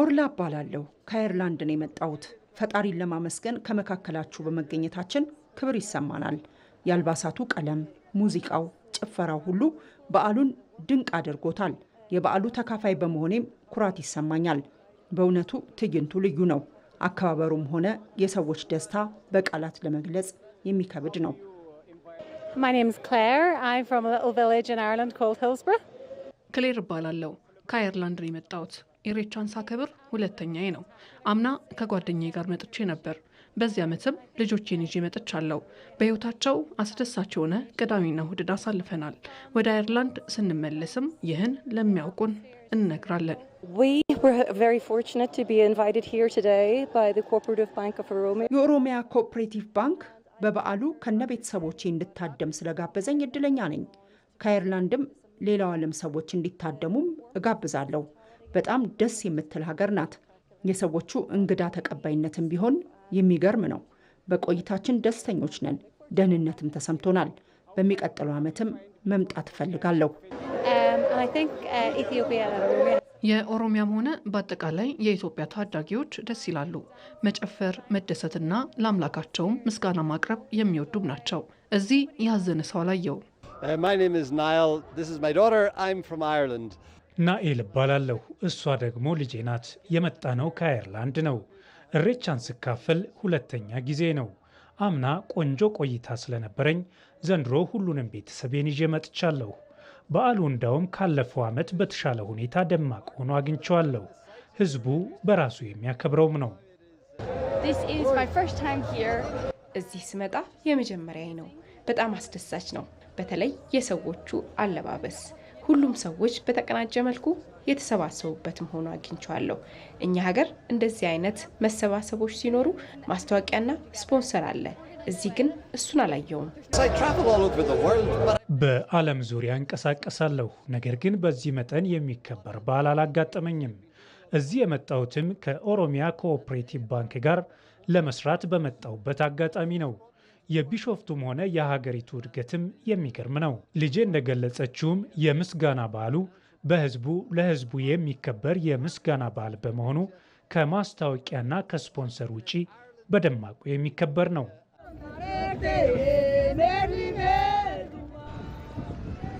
ኦርላ እባላለሁ። ከአይርላንድ ነው የመጣሁት። ፈጣሪን ለማመስገን ከመካከላችሁ በመገኘታችን ክብር ይሰማናል። የአልባሳቱ ቀለም፣ ሙዚቃው፣ ጭፈራው ሁሉ በዓሉን ድንቅ አድርጎታል። የበዓሉ ተካፋይ በመሆኔም ኩራት ይሰማኛል። በእውነቱ ትዕይንቱ ልዩ ነው። አከባበሩም ሆነ የሰዎች ደስታ በቃላት ለመግለጽ የሚከብድ ነው። ክሌር እባላለሁ። ከአየርላንድ ነው የመጣሁት። ኢሬቻን ሳከብር ሁለተኛዬ ነው። አምና ከጓደኛዬ ጋር መጥቼ ነበር። በዚህ ዓመትም ልጆቼን ይዤ መጥቻለሁ። በሕይወታቸው አስደሳች የሆነ ቅዳሜና እሁድን አሳልፈናል። ወደ አየርላንድ ስንመለስም ይህን ለሚያውቁን እንነግራለን። የኦሮሚያ ኮኦፕሬቲቭ ባንክ በበዓሉ ከነ ቤተሰቦቼ እንድታደም ስለጋበዘኝ እድለኛ ነኝ። ከአየርላንድም ሌላው ዓለም ሰዎች እንዲታደሙም እጋብዛለሁ። በጣም ደስ የምትል ሀገር ናት። የሰዎቹ እንግዳ ተቀባይነትም ቢሆን የሚገርም ነው። በቆይታችን ደስተኞች ነን። ደህንነትም ተሰምቶናል። በሚቀጥለው ዓመትም መምጣት እፈልጋለሁ። um, uh, የኦሮሚያም ሆነ በአጠቃላይ የኢትዮጵያ ታዳጊዎች ደስ ይላሉ። መጨፈር፣ መደሰትና ለአምላካቸውም ምስጋና ማቅረብ የሚወዱም ናቸው። እዚህ ያዘነ ሰው አላየውም። uh, ናኤል እባላለሁ። እሷ ደግሞ ልጄ ናት። የመጣ ነው ከአየርላንድ ነው። እሬቻን ስካፈል ሁለተኛ ጊዜ ነው። አምና ቆንጆ ቆይታ ስለነበረኝ ዘንድሮ ሁሉንም ቤተሰቤን ይዤ መጥቻለሁ። በዓሉ እንዳውም ካለፈው ዓመት በተሻለ ሁኔታ ደማቅ ሆኖ አግኝቸዋለሁ። ህዝቡ በራሱ የሚያከብረውም ነው። እዚህ ስመጣ የመጀመሪያ ነው። በጣም አስደሳች ነው። በተለይ የሰዎቹ አለባበስ ሁሉም ሰዎች በተቀናጀ መልኩ የተሰባሰቡበት መሆኑ አግኝቸዋለሁ። እኛ ሀገር እንደዚህ አይነት መሰባሰቦች ሲኖሩ ማስታወቂያና ስፖንሰር አለ። እዚህ ግን እሱን አላየውም። በዓለም ዙሪያ እንቀሳቀሳለሁ፣ ነገር ግን በዚህ መጠን የሚከበር በዓል አላጋጠመኝም። እዚህ የመጣሁትም ከኦሮሚያ ኮኦፕሬቲቭ ባንክ ጋር ለመስራት በመጣሁበት አጋጣሚ ነው። የቢሾፍቱም ሆነ የሀገሪቱ እድገትም የሚገርም ነው። ልጄ እንደገለጸችውም የምስጋና በዓሉ በህዝቡ ለህዝቡ የሚከበር የምስጋና በዓል በመሆኑ ከማስታወቂያና ከስፖንሰር ውጪ በደማቁ የሚከበር ነው።